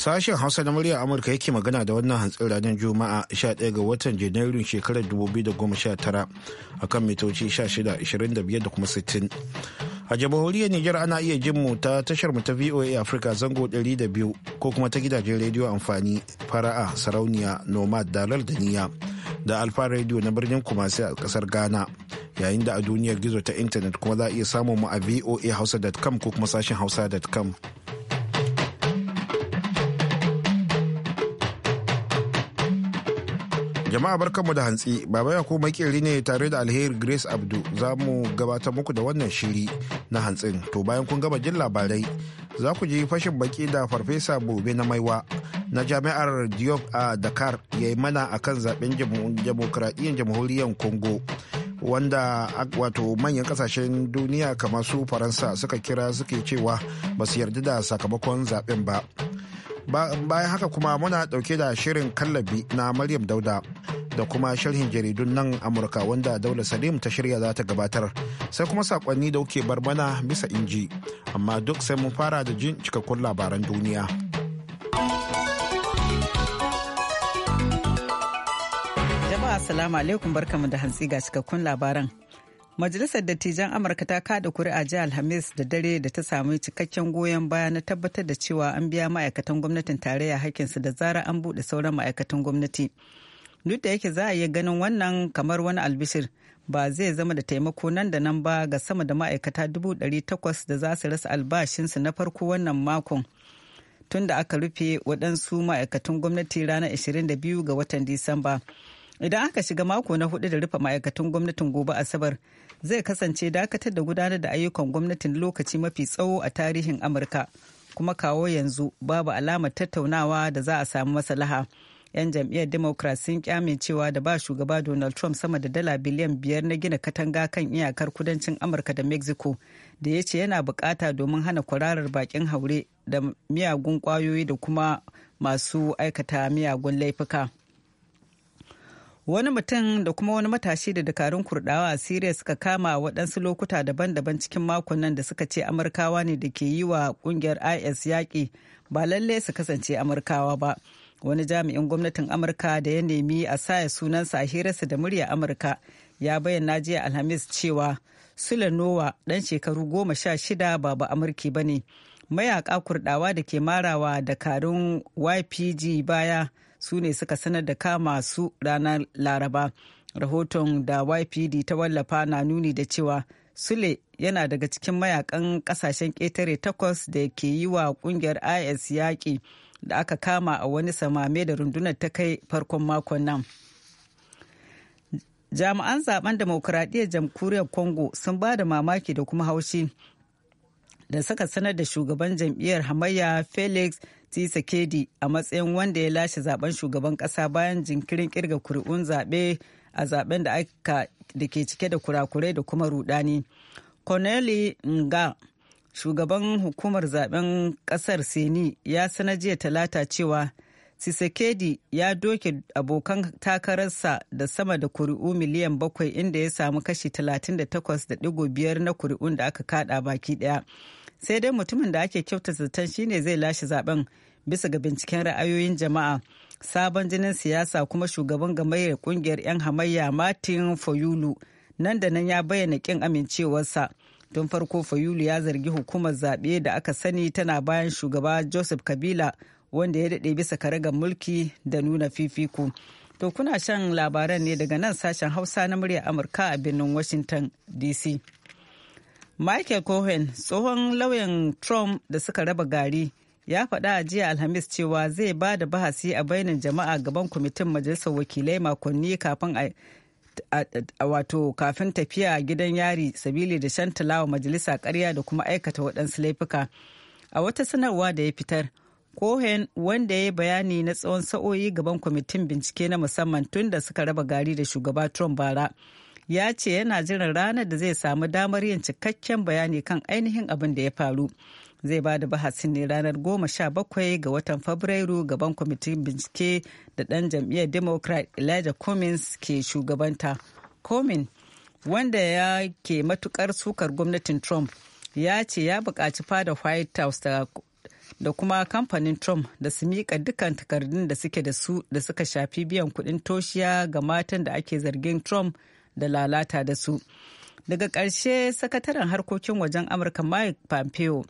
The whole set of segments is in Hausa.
Sashen Hausa na muryar Amurka yake magana da wannan hantsin ranar Juma'a 11 ga watan Janairun shekarar 2019 akan mitoci 1625 da kuma 60. A jamhuriyar Nijar ana iya jin mu ta tashar mu ta VOA Africa zango 200 ko kuma ta gidajen rediyo amfani fara'a sarauniya nomad dalar da niya da alfa rediyo na birnin kumasi a kasar Ghana yayin da a duniyar gizo ta intanet kuma za a iya samun mu a voahausa.com ko kuma sashen hausa.com. Jama'a barkanmu da hantsi, Baba Yakubu makeri ne tare da alheri Grace Abdu za mu gabatar muku da wannan shiri na hantsin. To bayan kun gama jin labarai, za ku ji fashin baki da Farfesa Bobe na Maiwa na Jami'ar Diop a Dakar ya yi mana akan zaben jamhuriyar jamhuriyar Congo. wanda wato manyan kasashen duniya kamar su faransa suka kira suke cewa ba su yarda da sakamakon zaɓen ba bayan haka kuma muna dauke da shirin kallabi na maryam dauda da kuma sharhin jaridun nan amurka wanda daula salim ta shirya za ta gabatar sai kuma sakonni da kuke bar mana bisa inji amma duk sai mun fara da jin cikakkun labaran duniya jama'a assalamu alaikum barkamu da hantsi ga cikakkun labaran Majalisar Dattijan Amurka ta kada kuri'a jiya Alhamis da dare da ta samu cikakken goyon baya na tabbatar da cewa an biya ma'aikatan gwamnatin tarayya hakinsu da zarar an buɗe sauran ma'aikatan gwamnati. Duk da yake za a iya ganin wannan kamar wani albishir ba zai zama da taimako nan da nan ba ga sama da ma'aikata dubu ɗari takwas da za su rasa albashinsu na farko wannan makon. Tun da aka rufe waɗansu ma'aikatan gwamnati ranar 22 ga watan Disamba. idan aka shiga mako na hudu da rufe ma'aikatan gwamnatin gobe asabar zai kasance dakatar da gudanar da ayyukan gwamnatin lokaci mafi tsawo a tarihin amurka kuma kawo yanzu babu alamar tattaunawa da za a samu maslaha 'yan jam'iyyar democrat sun kyamin cewa da ba shugaba donald trump sama da dala biliyan biyar na gina katanga kan iyakar kudancin amurka da mexico da ya ce yana bukata domin hana kwararar bakin haure da miyagun kwayoyi da kuma masu aikata miyagun laifuka. wani mutum da kuma wani matashi da dakarun kurdawa a siriya suka kama waɗansu lokuta daban-daban cikin makon nan da suka ce amurkawa ne da ke yi wa ƙungiyar is yaƙi ba lalle su kasance amurkawa ba wani jami'in gwamnatin amurka da ya nemi a saya sunansa a hirarsa da murya amurka ya bayyana jiya alhamis cewa sule nowa ɗan shekaru goma sha shida ba ba amurki ba ne mayaka kurɗawa da ke marawa dakarun ypg baya su ne suka sanar da kama su ranar laraba rahoton da ypd ta wallafa na nuni da cewa sule yana daga cikin mayakan kasashen ƙetare takwas da ke yi wa kungiyar is yaƙi da aka kama a wani samame da rundunar ta kai farkon makon nan jami'an zaben demokuraɗiyyar jamhuriyar congo sun ba da mamaki da kuma haushi da suka sanar da shugaban jam'iyyar hamayya felix Tsisekedi a matsayin wanda ya lashe zaben shugaban kasa bayan jinkirin kirga kuri'un zaɓe a zaben da aka da ke cike da kurakurai da kuma rudani. Corneli Nga, shugaban hukumar zaben kasar Seni ya sana jiya talata cewa Tsisekedi ya doke abokan takararsa da sama da kuri'u miliyan bakwai inda ya samu kashi 38.5 na kuri'un da aka kada baki daya. sai dai mutumin da ake kyauta zaton shine zai lashe zaben bisa ga binciken ra'ayoyin jama'a sabon jinin siyasa kuma shugaban gamayyar kungiyar 'yan hamayya martin fayulu nan da nan ya bayyana kin amincewarsa tun farko fayulu ya zargi hukumar zaɓe da aka sani tana bayan shugaba joseph kabila wanda ya daɗe bisa karagar mulki da nuna fifiko to kuna shan labaran ne daga nan sashen hausa na murya amurka a birnin washington dc Michael Cohen, tsohon lauyan Trump da suka raba gari, ya faɗa a jiya Alhamis cewa zai ba da bahasi a bainin jama'a gaban kwamitin Majalisar Wakilai makonni kafin a wato kafin tafiya gidan yari sabili da shantalawa majalisa karya da kuma aikata waɗansu laifuka. A wata sanarwa da ya fitar, Cohen wanda ya yi bayani na tsawon sa'o'i gaban kwamitin bincike na musamman tun da suka raba gari da shugaba Trump bara. ya ce yana jiran ranar da zai samu damar yin cikakken bayani kan ainihin abin da ya faru zai ba da bahasin ne ranar goma sha bakwai ga watan fabrairu gaban kwamitin bincike da dan jam'iyyar democrat elijah cummins ke shugabanta cummins wanda ya ke matukar sukar gwamnatin trump ya ce ya bukaci fada white house da kuma kamfanin trump da su miƙa dukkan takardun da suke da su da suka shafi biyan kuɗin toshiya ga matan da ake zargin trump da lalata da su daga ƙarshe sakataren harkokin wajen amurka mike pompeo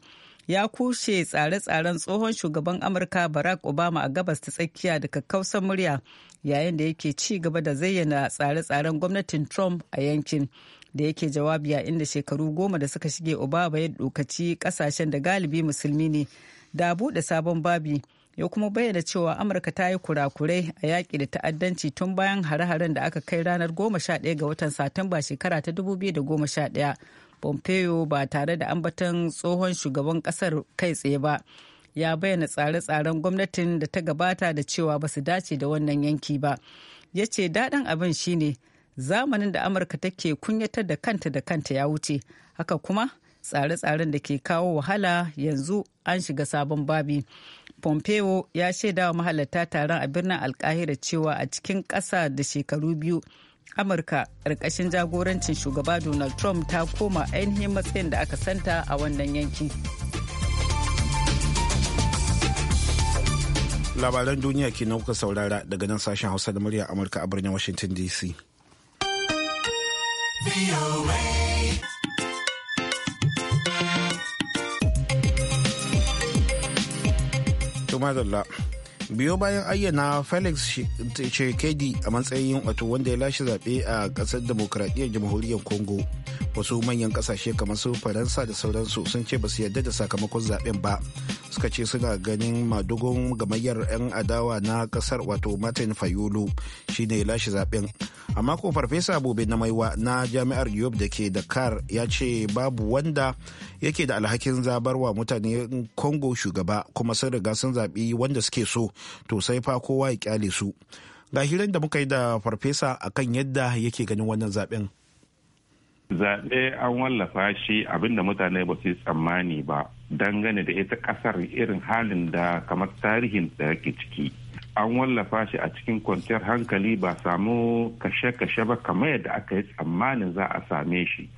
ya kushe tsare-tsaren tsohon shugaban amurka barack obama a gabas ta tsakiya da kakkausar murya yayin da yake ci gaba da zayyana tsare-tsaren gwamnatin trump a yankin da yake jawabi a inda shekaru goma da suka shige obama ya dokaci kasashen da galibi musulmi ne da buɗe sabon babi ya kuma bayyana cewa amurka ta yi kurakurai a yaƙi da ta'addanci tun bayan hare-haren da aka kai ranar 11 ga watan satumba shekara ta 2011 pompeo ba tare da ambaton tsohon shugaban ƙasar kai tsaye ba ya bayyana tsare-tsaren gwamnatin da ta gabata da cewa ba su dace da wannan yanki ba ya ce daɗin abin shine zamanin da amurka take kunyatar da kanta da kanta ya wuce haka kuma tsare-tsaren da ke kawo wahala yanzu an shiga sabon babi. Pompeo ya shaida wa mahalarta taron a birnin alkahira cewa a cikin ƙasa da shekaru biyu Amurka ƙarƙashin jagorancin shugaba Donald Trump ta koma ainihin matsayin da aka santa a wannan yanki. Labaran duniya ke kuka saurara daga nan sashen Hausa da murya Amurka a birnin Washington DC. madalla biyo bayan ayyana felix shekedi a matsayin wato wanda ya lashe zaɓe a ƙasar demokuraɗiyyar jamhuriyar congo wasu manyan ƙasashe kamar su faransa da sauransu sun ce ba su yarda da sakamakon zaɓen ba suka ce suna ganin madugun gamayyar 'yan adawa na ƙasar wato martin fayulu shine ya lashe zaɓen amma ko farfesa gobe na maiwa na jami'ar yob da ke dakar ya ce babu wanda yake da alhakin zabarwa mutane congo shugaba kuma sun riga sun zaɓi wanda suke so to sai fa kowa ya kyale su ga hirar da muka yi da farfesa akan yadda yake ganin wannan zaɓen zaɓe an wallafa shi abinda mutane ba su yi tsammani ba dangane da ita ƙasar irin halin da kamar tarihin da yake ciki an wallafa shi a cikin kwanciyar hankali ba samu kashe-kashe ba kamar yadda aka yi tsammanin za a same shi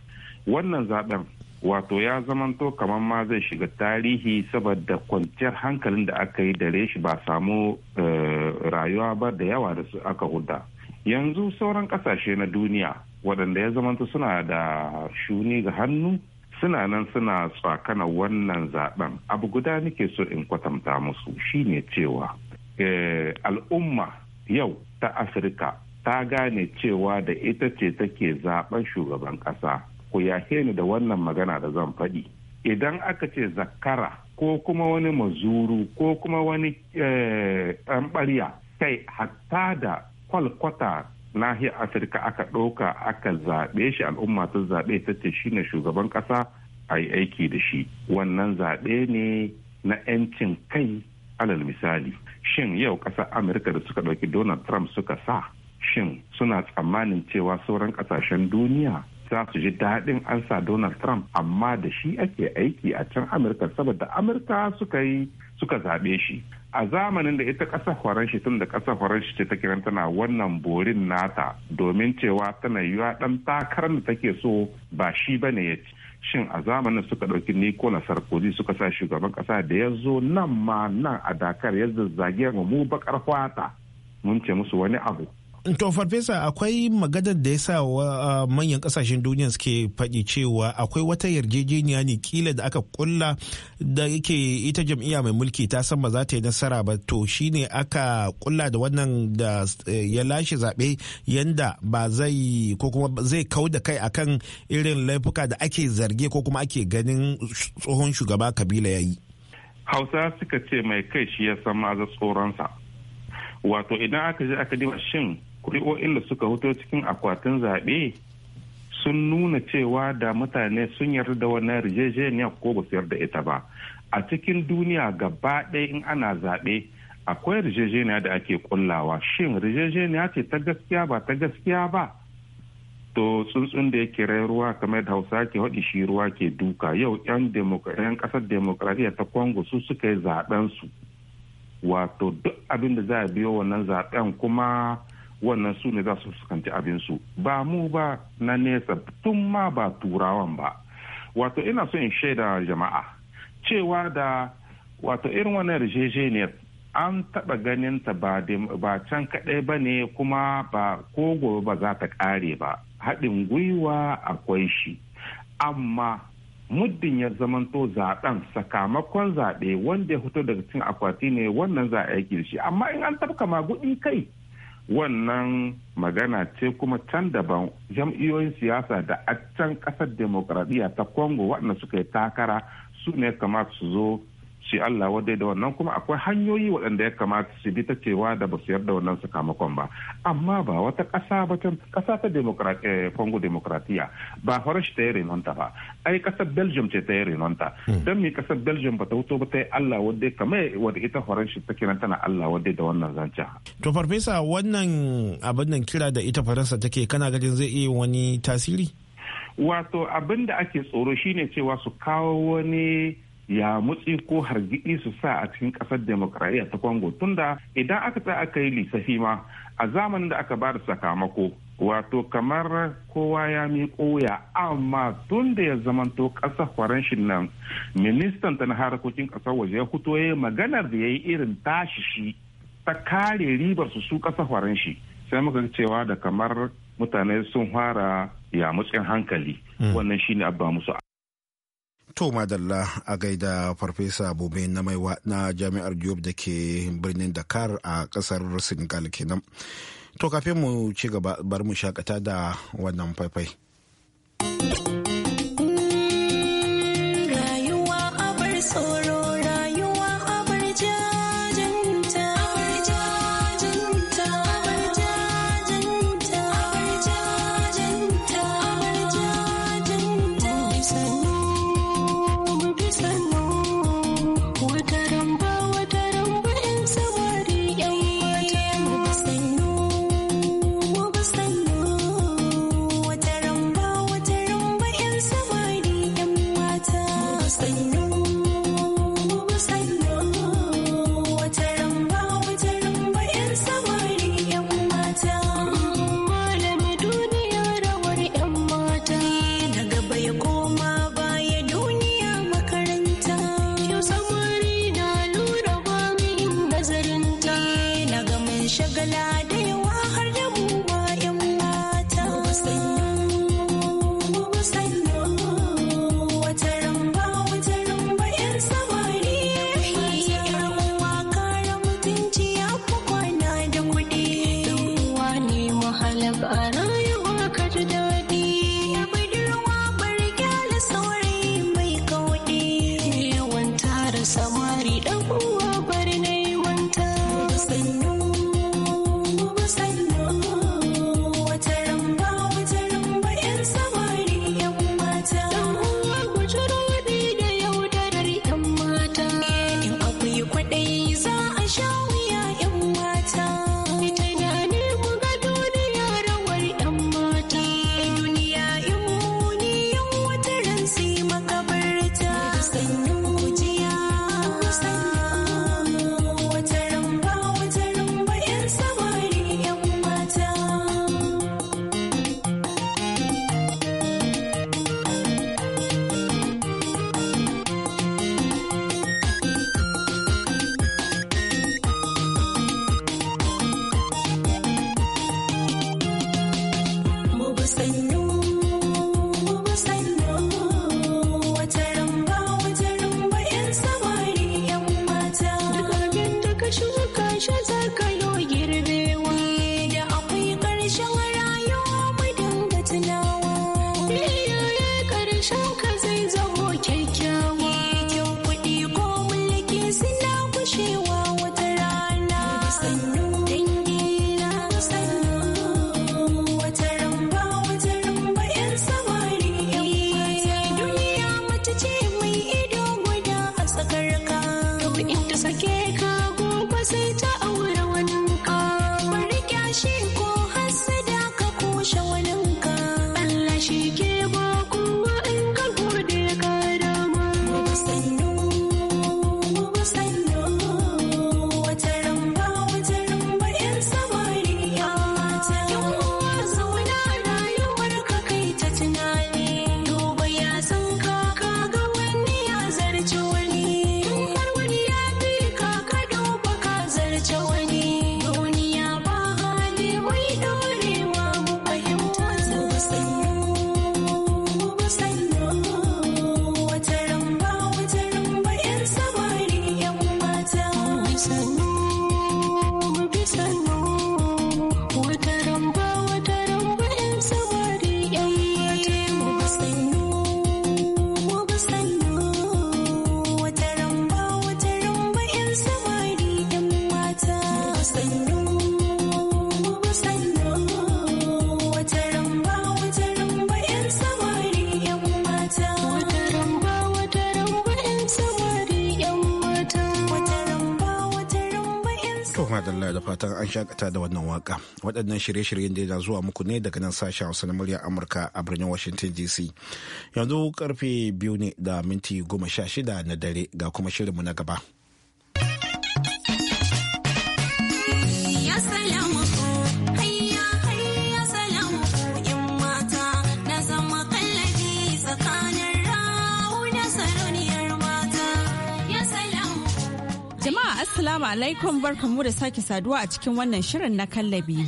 wannan zaben wato ya zamanto kamar ma zai shiga tarihi saboda kwanciyar hankalin da aka yi dare shi ba samu eh, rayuwa ba da yawa da su aka huda yanzu sauran kasashe na duniya waɗanda ya zamanto suna da shuni ga hannu suna nan suna tsakana wannan zaben abu guda nake so in kwatanta musu shine cewa eh, al'umma yau ta afirka ta gane cewa da ita ce take zaben shugaban ƙasa ku yafe ni da wannan magana da zan faɗi idan aka ce zakara ko kuma wani mazuru ko kuma wani eh, ɗan ɓarya kai hatta da kwalkwata nahiyar afirka aka ɗauka aka zaɓe shi al'umma ta zaɓe ta ce shi ne shugaban ƙasa a yi aiki da shi wannan zaɓe ne na 'yancin kai alal misali shin yau ƙasar amurka da suka ɗauki donald trump suka sa shin suna tsammanin cewa sauran ƙasashen duniya za su ji daɗin an sa donald trump amma da shi ake aiki a can amurka saboda amurka suka yi suka zaɓe shi a zamanin da ita ƙasar horon shi tun da ƙasar horon shi ce ta kiran tana wannan borin nata domin cewa tana yiwa ɗan takarar da take so ba shi ba ne ya ci shin a zamanin suka ɗauki nicola sarkozy suka sa shugaban ƙasa da ya zo nan ma nan a dakar ya zazzage mu bakar fata mun ce musu wani abu To farfesa akwai maganar da ya sa manyan kasashen duniya suke faɗi cewa akwai wata yarjejeniya ne kila da aka kulla da yake ita jam'iyya mai mulki ta san ba za ta yi nasara ba to shine aka kulla da wannan da e, ya lashe zaɓe yanda ba zai ko kuma zai kau da kai akan irin laifuka da ake zarge ko kuma ake ganin tsohon shugaba kabila ya yi. Hausa suka ce mai kai shi ya san maza tsoronsa. Wato idan aka je aka dima shin kuri'o'in da suka hoto cikin akwatin zaɓe sun nuna cewa da mutane sun yarda da wannan rijejeniya ko ba su yarda ita ba a cikin duniya gaba ɗaya in ana zaɓe akwai rijejeniya da ake kullawa shin rijejeniya ce ta gaskiya ba ta gaskiya ba to tsuntsun da yake rai ruwa kamar da hausa ke haɗi shi ruwa ke duka yau 'yan ƙasar demokradiyya ta Kongo su suka yi zaɓen su wato duk abin da za a biyo wannan zaɓen kuma wannan su ne za su fuskanci abinsu ba mu ba na nesa tun ma ba turawan ba wato ina son in shaida jama'a cewa da wato irin wannan yarjejeniyar an taɓa ganin ta ba can kaɗai ba ne kuma ba ko gobe ba za ta ƙare ba haɗin gwiwa akwai shi amma muddin ya zamanto zaɓen sakamakon zaɓe wanda ya fito daga cin akwati ne wannan za a yi girshi amma in an tabka maguɗi kai wannan magana ce kuma can daban jam'iyyoyin siyasa da a can kasar demokradiyya ta congo waɗanda suka yi takara su ne kamar su zo shi Allah wadai da wannan kuma akwai hanyoyi waɗanda ya kamata su bi ta cewa da ba su yarda wannan sakamakon ba amma ba wata ƙasa ba ta ƙasa ta eh, Congo demokratiya ba farashi ta yi renonta ba ai ƙasar Belgium ce ta yi renonta hmm. don me ƙasar Belgium ba ta wuto ba ta yi Allah wadai kamar wadda ita farashi ta kiran tana Allah wadai da wannan zancen. To farfesa wannan abin nan kira da ita Faransa take kana ganin zai iya wani tasiri? Wato abin da ake tsoro shine cewa su kawo wani ya mutsi ko hargitsi su sa a cikin kasar demokradiyya ta congo tunda idan aka tsaya aka yi lissafi ma a zamanin da aka bada sakamako wato kamar kowa ya miƙo ya amma tun da ya zamanto ƙasar kwaranshin nan ministan ta na harkokin ƙasar waje ya fito ya maganar da ya yi irin tashi shi ta kare ribar su su ƙasar faranshi sai muka cewa da kamar mutane sun fara ya mutsin hankali mm. wannan shine abba musu To madalla a gaida farfesa Bobe na maiwa na jami'ar Diop da ke birnin Dakar a kasar Senegal kenan. To kafin mu ci gaba bar mu shakata da wannan faifai. fatan an shakata da wannan waka waɗannan shirye-shiryen da zuwa muku ne daga nan sashen hausa na muryar amurka a birnin washington dc yanzu karfe biyu ne da minti goma sha shida na dare ga kuma shirinmu na gaba. Assalamu alaikum barkanmu da sake saduwa a cikin wannan shirin na kallabi.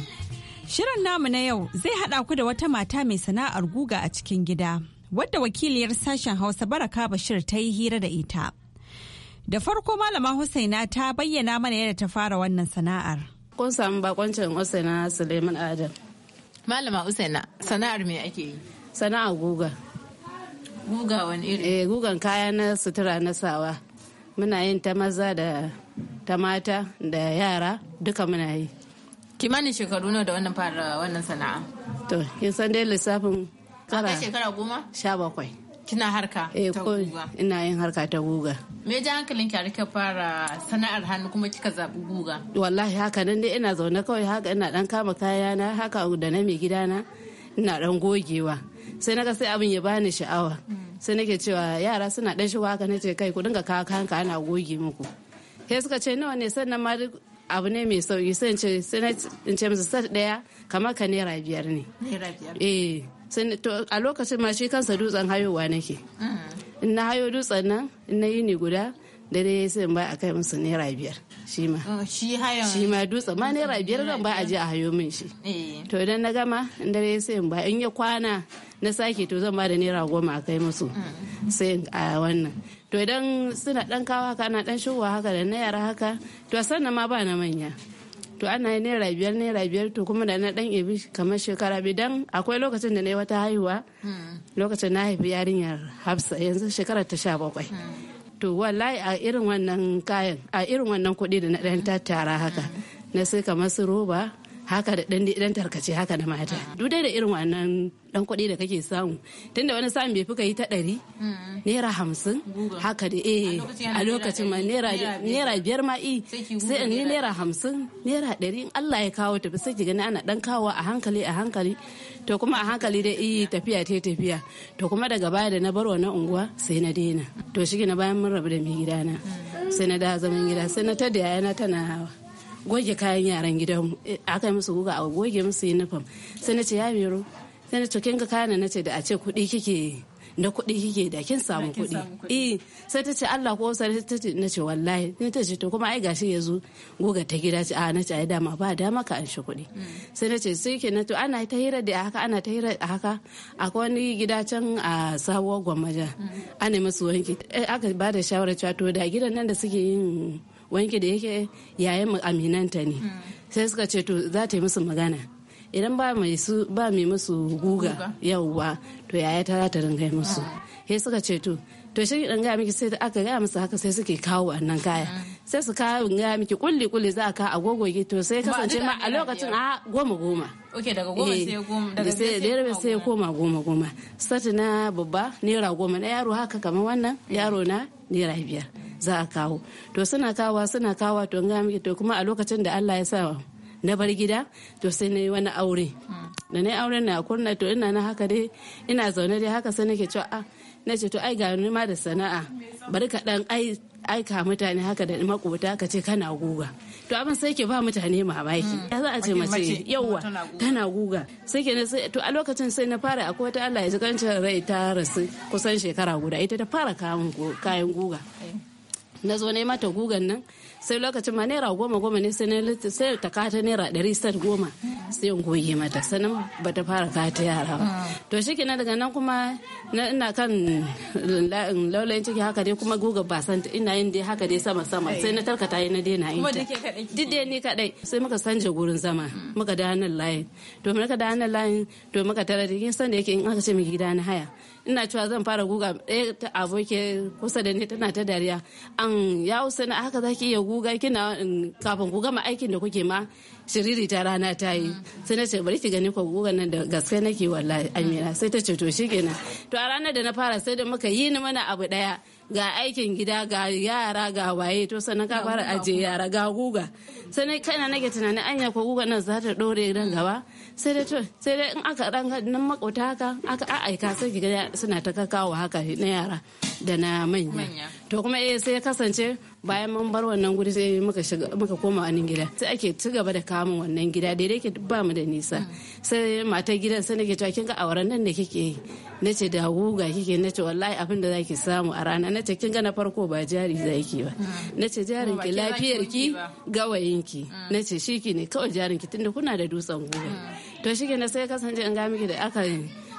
Shirin namu na yau zai haɗa ku da wata mata mai sana'ar guga a cikin gida, wadda wakiliyar sashen Hausa Baraka Bashir ta yi hira da ita. Da farko Malama Husaina ta bayyana mana yadda ta fara wannan sana'ar. Kun samu bakoncin Husaina Suleiman Adam. Malama Husaina, sana'ar me ake yi? Sana'ar guga. Guga wani iri? Eh, gugan kaya na sutura na sawa. Muna yin ta maza da ta mata da yara duka muna yi kimanin shekaru nawa da wannan fara wannan sana'a to kin san dai lissafin kara shekara goma sha bakwai kina harka ta eh, guga ina yin harka ta guga me ji hankalin ki rika fara sana'ar hannu kuma kika zabi guga wallahi haka nan dai ina zaune kawai haka ina dan kama kayana, haka da na mai gidana ina dan gogewa sai naga sai abin ya bani sha'awa mm. sai nake cewa yara suna dan shigo haka nace kai ku dinga kawo kanka ana goge muku sai suka ce nawa ne sannan ma duk abu ne mai sauki sai in ce musu sat daya kamar ka naira biyar ne eh a lokacin ma shi kansa dutsen hayowa nake mm-hmm. in na hayo dutsen nan in na yi ni guda dare sai in ba a kai musu naira biyar shi ma oh, shi shi ma dutse ma naira biyar zan ba a je a hayo min shi eh. to idan na gama in dare sai in ba in ya kwana na sake to zan ba da naira goma a kai musu sai a wannan to idan suna dan kawo haka ana dan shigowa haka da na yara haka to sannan ma ba na manya to ana yi naira biyar naira biyar to kuma da na dan ibi kamar shekara biyu dan akwai lokacin da na yi wata haihuwa lokacin na haifi yarinyar hafsa yanzu shekara ta sha bakwai to wallahi a irin wannan kayan a irin wannan kuɗi da na dan tattara haka na sai kamar su roba haka da dan tarkace haka da mata duk da irin wannan dan kuɗi da kake samu tunda wani sa'in bai fi ka yi ta ɗari naira hamsin haka da eh a lokacin ma naira biyar ma i sai in yi naira hamsin naira ɗari in Allah ya kawo tafi sai ki gani ana dan kawo a hankali a hankali to kuma a hankali da i tafiya ta tafiya to kuma daga baya da na bar na unguwa sai na daina to shi na bayan mun rabu da mai gidana mm. sai na da zaman gida sai na ta da yayana tana hawa goge kayan yaran mu eh, aka yi musu guga a goge musu uniform sai na ce ya biro sai na ce kin ga kayan na ce da a ce kuɗi kike na kuɗi kike da kin samu kuɗi eh sai ta ce Allah ko sai ta ce na ce wallahi sai ta ce to kuma ai gashi yazo goga ta gida ce a na ce ai dama ba dama ka an shi kuɗi mm. sai na ce sai ke na to ana ta hira da haka ana ta hira da haka akwai wani gida can a sabuwar gwammaja mm. ana masu wanki eh, aka ba da shawarar cewa to da gidan nan da suke yin wanki da yake yayan mu aminanta ne hmm. sai suka ce to za ta yi musu magana idan ba mai su ba mai musu guga yauwa to yaya ta za ta ringa musu hmm. sai suka ce to to shi dan ga miki sai aka ga musu haka sai suke kawo wannan kaya hmm. sai su kawo ga miki kulli kulli za ka agogo ki to sai kasance ma a lokacin a goma goma oke daga goma eh, sai goma daga sai da sai koma goma goma sati na babba naira goma na yaro haka kamar wannan eh. yaro na naira biyar za a kawo to suna kawa suna kawa to ga miki to kuma a lokacin da Allah ya sa na bar gida to sai na yi wani aure da na yi auren na kurna to ina na haka dai ina zaune dai haka sai nake cewa a ah, na ce to ai ga ma da sana'a bari ka dan ai aika mutane haka da makota ka ce kana guga to abin sai ke ba mutane mamaki ya za a ce mace yauwa tana guga sai ke to a lokacin sai na fara akwai wata Allah ya ji kancin rai ta rasu kusan shekara guda ita ta fara kayan guga na zo na mata gugan nan sai lokacin ma naira goma goma ne sai sai ta kata naira ɗari sat goma sai in goge mata sannan ba ta fara kata yara ba to shi kenan daga nan kuma ina kan laulayin ciki haka dai kuma guga ba san ina yin dai haka dai sama sama sai na tarkata yi na daina yin ta duk dai ni kadai sai muka sanje gurin zama muka da hannun layin to muka da hannun layin to muka tara da yin san da yake in aka ce miki gida na haya ina cewa zan fara guga ɗaya eh, ta aboke kusa da ni tana ta dariya an ya usa na haka zaki iya guga kina mm, kafin ku gama aikin da kuke ma shiriri ta rana ta yi sai na ce bari ki gani ko guga nan da gaske nake wallahi amina sai ta ce to shikenan to a ranar da na fara sai da muka yi ni mana abu ɗaya ga aikin gida ga yara ga waye to sannan ka fara aje yara ga guga sannan kana nake tunanin anya ko guga nan za ta dore nan gaba sai dai to sai dai in aka dan nan makota haka aka aika sai gida suna ta kakawa haka na yara da na manya to kuma eh sai ya kasance bayan mun bar wannan guri sai muka shiga muka koma wannan gida sai ake ci gaba da kamun wannan gida daidai ke ba mu da nisa sai matar gidan sai nake cewa kin ga auren nan da kike yi nace da guga kike nace wallahi abin da zaki samu a rana nace kin ga na farko ba jari zaki ba nace jarin ki lafiyar ki gawayin ki mm. nace shiki ne kawai jarin ki tunda kuna da dutsen guga mm. to shike na sai kasance in ga miki da aka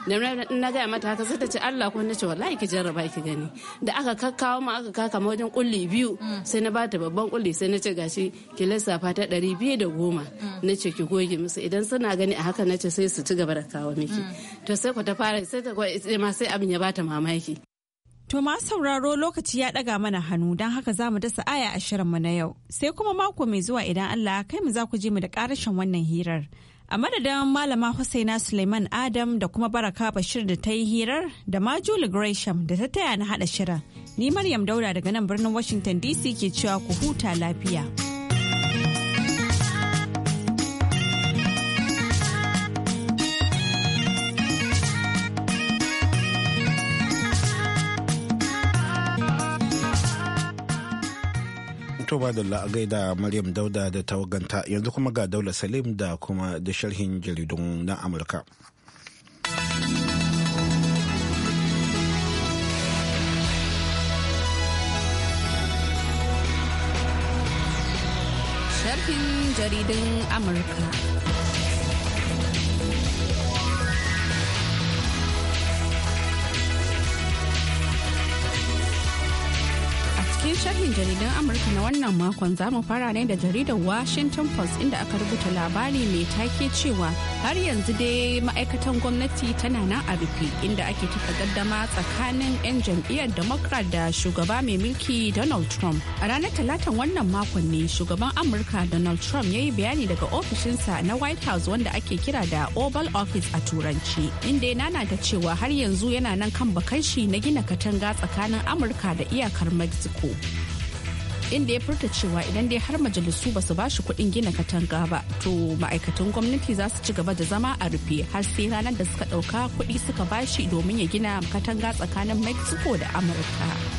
da na gaya mata haka sai ta ce Allah ko ce wallahi ki jarraba ki gani da aka kakkawo ma aka kaka ma wajen kulli biyu sai na bata babban kulli sai na ce gashi ki lissafa ta ɗari biyu da goma na ce ki goge musu idan suna gani a haka na ce sai su ci gaba da kawo miki to sai ku ta fara sai ta ma sai abin ya bata mamaki To ma sauraro lokaci ya ɗaga mana hannu don haka za mu dasa aya a mu na yau. Sai kuma mako mai zuwa idan Allah kai mu za ku je mu da ƙarashin wannan hirar. A madadin Malama Husaina Suleiman Adam da kuma Baraka Bashir da ta yi hirar da ma Julie Gresham da ta taya na haɗa shirin. Ni Maryam Dauda daga nan birnin Washington DC ke cewa ku huta lafiya. To ba da la'agai da Maryam Dauda da tawaganta yanzu kuma ga Daula Salim da kuma da sharhin jaridun na Amurka. Sharhin jaridun Amurka. Shirin jaridan Amurka na wannan makon za mu fara ne da jaridar Washington Post inda aka rubuta labari mai take cewa har yanzu dai ma'aikatan gwamnati tana nan a rufe inda ake tafa gaddama tsakanin 'yan jam'iyyar Democrat da shugaba mai mulki Donald Trump. A ranar talatan wannan makon ne shugaban Amurka Donald Trump ya yi bayani daga ofishinsa na White House wanda ake kira da Oval Office a Turanci inda ya nana da cewa har yanzu yana nan kan bakan na gina katanga tsakanin Amurka da iyakar Mexico. inda ya furta cewa idan dai har majalisu ba su ba shi kuɗin gina katanga ba to ma'aikatan gwamnati za su ci gaba da zama a rufe har sai ranar da suka ɗauka kuɗi suka bashi domin ya gina katanga tsakanin mexico da amurka.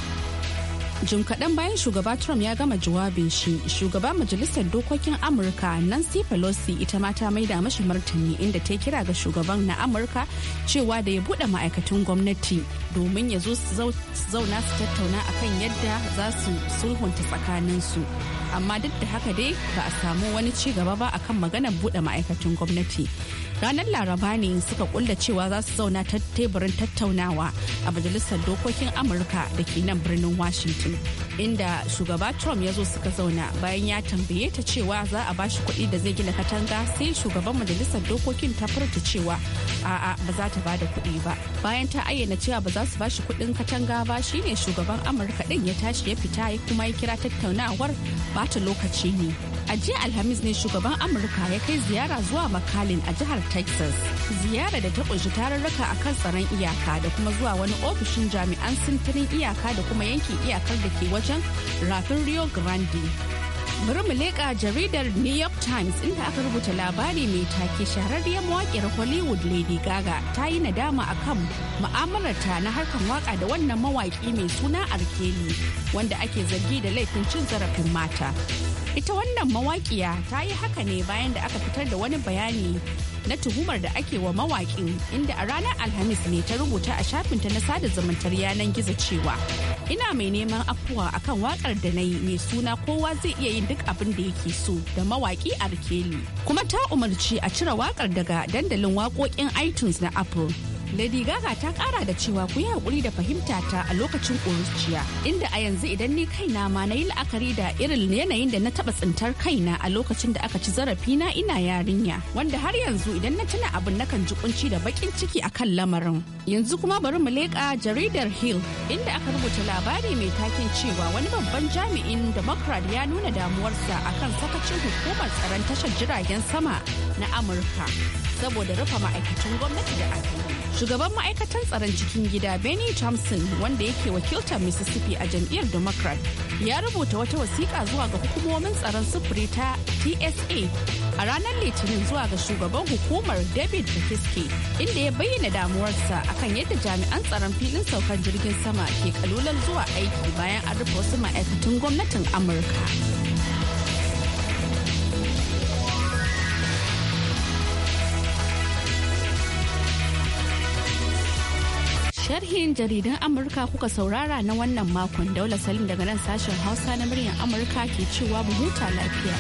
jim kaɗan bayan shugaba trump ya gama jawabin shi shugaba majalisar dokokin amurka nancy pelosi ita ma ta maida mashi martani inda ta kira ga shugaban na amurka cewa da ya buɗe ma'aikatan gwamnati domin ya zo su zauna su tattauna akan yadda za su sulhunta tsakaninsu amma duk da haka dai ba a samu wani ci gaba ba akan maganar buɗe ma'aikatan gwamnati ranar laraba ne suka kulla cewa za su zauna ta teburin tattaunawa a majalisar dokokin amurka da ke nan birnin washington inda shugaba trump ya zo suka zauna bayan ya tambaye ta cewa za a bashi kuɗi da zai gina katanga sai shugaban majalisar dokokin ta furta cewa a'a ba za ta bada kuɗi ba bayan ta ayyana cewa ba za su bashi kuɗin katanga ba shine shugaban amurka ɗin ya tashi ya fita ya kuma ya kira tattaunawar bata lokaci ne A jiya Alhamis ne shugaban Amurka ya kai ziyara zuwa makalin a jihar Texas. Ziyara da ta kunshi tararraka a kan tsaron iyaka da kuma zuwa wani ofishin jami'an sintirin iyaka da kuma yankin iyakar da ke wajen rafin Rio Grande. bari mu leƙa jaridar new york times inda aka rubuta labari mai take shahararriyar mawaƙiyar hollywood lady gaga ta yi nadama akan ta na harkan waka da wannan mawaƙi mai suna arkeli wanda ake zargi da laifin cin zarafin mata ita wannan mawaƙiya ta yi haka ne bayan da aka fitar da wani bayani na tuhumar da ake wa mawaƙin inda a ranar Alhamis ne ta rubuta a shafinta na sada zumuntar yanar gizo cewa ina mai neman afuwa akan wakar da na yi mai suna kowa zai iya yin duk abin da yake so da mawaƙi Arkeli kuma ta umarci a cire wakar daga dandalin waƙoƙin iTunes na Apple. Lady Gaga ta kara da cewa ku yi hakuri da fahimta ta a lokacin ƙuruciya inda a yanzu idan ni kaina ma na yi la'akari da irin yanayin da na taɓa tsintar kaina a lokacin da aka ci zarafi na ina yarinya wanda har yanzu idan na tuna abin kan ji kunci da baƙin ciki akan lamarin. Yanzu kuma bari mu leƙa jaridar Hill inda aka rubuta labari mai takin cewa wani babban jami'in Democrat ya nuna damuwarsa akan sakacin hukumar tsaron tashar jiragen sama na Amurka saboda rufe ma'aikatan gwamnati da aka yi. shugaban ma'aikatan tsaron cikin gida benny thompson wanda yake wakiltar mississippi a jam'iyyar democrat ya rubuta wata wasiƙa zuwa ga hukumomin tsaron sufuri ta tsa a ranar litinin zuwa ga shugaban hukumar david bakiske inda ya bayyana damuwarsa akan yadda jami'an tsaron filin saukar jirgin sama ke kalulan zuwa aiki bayan an rufe wasu ma'aikatan gwamnatin amurka Sharhin jaridan Amurka kuka saurara na wannan makon Daula Salim daga nan sashen Hausa na muryar Amurka ke cewa buhuta lafiya.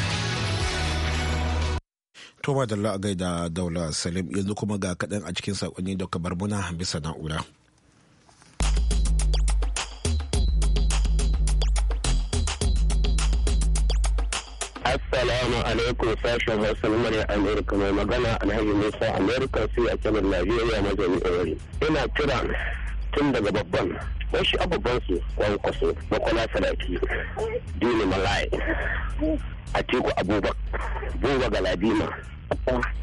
Toma da a gaida Daula Salim yanzu kuma ga kaɗan a cikin saƙonni da kabar muna bisa na'ura. Assalamu alaikum sashen Hausa na Amurka mai magana Alhaji Musa Amurka sai a ya Najeriya wani. Ina kira tun daga babban wasu abubuwan su kwankwaso makwala salati dini malai a teku abubak buwa galadima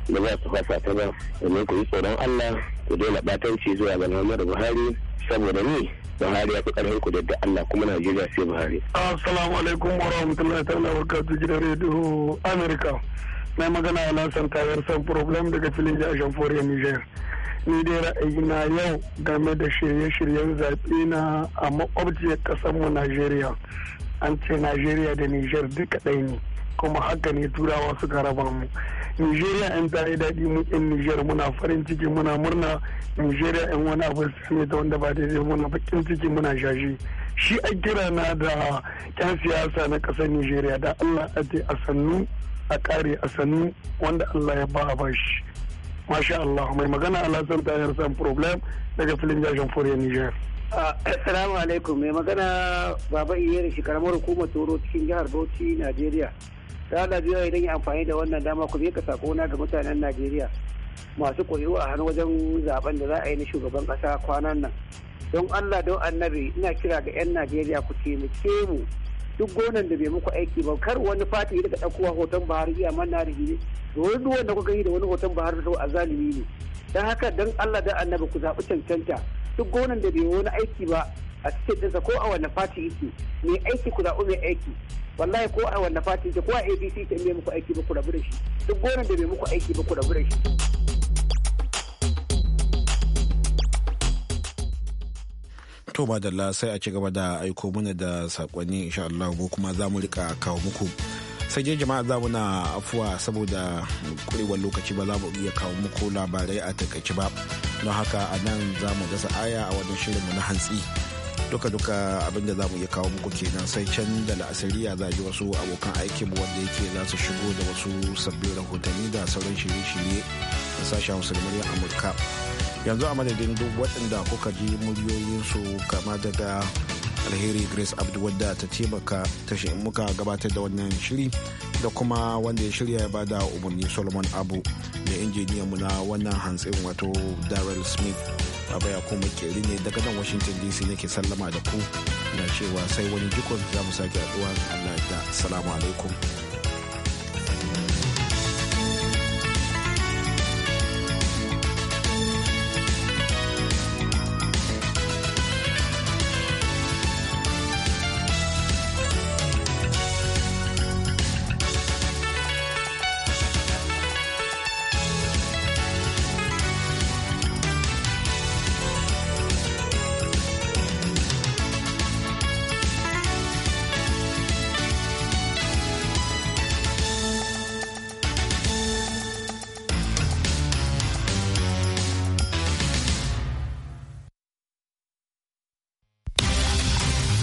da za su fasa ta ba domin ku yi tsoron allah ku daina batanci zuwa ga muhammadu buhari saboda ni Buhari ya fi ƙarfin ku da Allah kuma Najeriya sai Buhari. Assalamu alaikum wa rahmatullahi ta'ala wa barakatuh gidan rediyo america Mai magana Alhassan Tayar San Problem daga filin Jashen Foriya Niger. ni dai ra'ayi na yau game da shirye-shiryen zaɓe na a makwabciyar ƙasarmu najeriya an ce najeriya da niger duka ɗaya ne kuma haka ne turawa suka raba mu nigeria yan ta daɗi mu yan niger muna farin ciki muna murna nigeria yan wani abu ne ta wanda ba daidai muna bakin ciki muna shashi shi a kira na da yan siyasa na ƙasar nigeria da allah a ce a sannu a kare a sannu wanda allah ya ba a bashi masha Allah mai magana ta tayar san problem daga filin jashin furiyar Nijar. Ah, assalamu alaikum mai magana baba iyere shi karamar hukumar toro cikin jihar Bauchi Najeriya. Ta Najeriya idan ya amfani da wannan dama ku sako na ga mutanen Najeriya masu ƙuri'u a hannu wajen zaben da za a yi na shugaban ƙasa kwanan nan. Don Allah don annabi ina kira ga 'yan Najeriya ku taimake mu duk gonan da bai muku aiki ba kar wani fati daga ɗaukowa hoton bahar iya manna da hiri da wani da kuka yi da wani hoton bahar da a zalimi ne don haka don allah da annabi ku zaɓi cancanta duk gonan da bai wani aiki ba a cikin ɗinsa ko a wani fati yake mai aiki ku zaɓi mai aiki wallahi ko a wani fati yake ko a abc ta mai muku aiki ba ku rabu da shi duk gonan da bai muku aiki ba ku rabu da shi. to madalla sai a ci gaba da aiko mana da sakonni insha Allah ko kuma za mu rika kawo muku sai je jama'a za mu na afuwa saboda kurewar lokaci ba za mu iya kawo muku labarai a takaici ba don haka a nan za mu gasa aya a wajen shirin mu na hantsi duka-duka abinda za mu iya kawo muku kenan sai can da la'asariya za ji wasu abokan aikin mu wanda yake za su shigo da wasu sabbin rahotanni da sauran shirye-shirye da sashen musulmi amurka yanzu a madadin duk waɗanda kuka ji su kama daga alheri grace abdu wadda ta taimaka ta muka gabatar da wannan shiri da kuma wanda ya shirya ya bada umarni solomon abu da injiniyan mu na wannan hantsin wato daryl smith baba ya kuma keri ne daga nan washington dc nake sallama da ku na cewa sai wani jikon za mu sake haɗuwa allah da salamu alaikum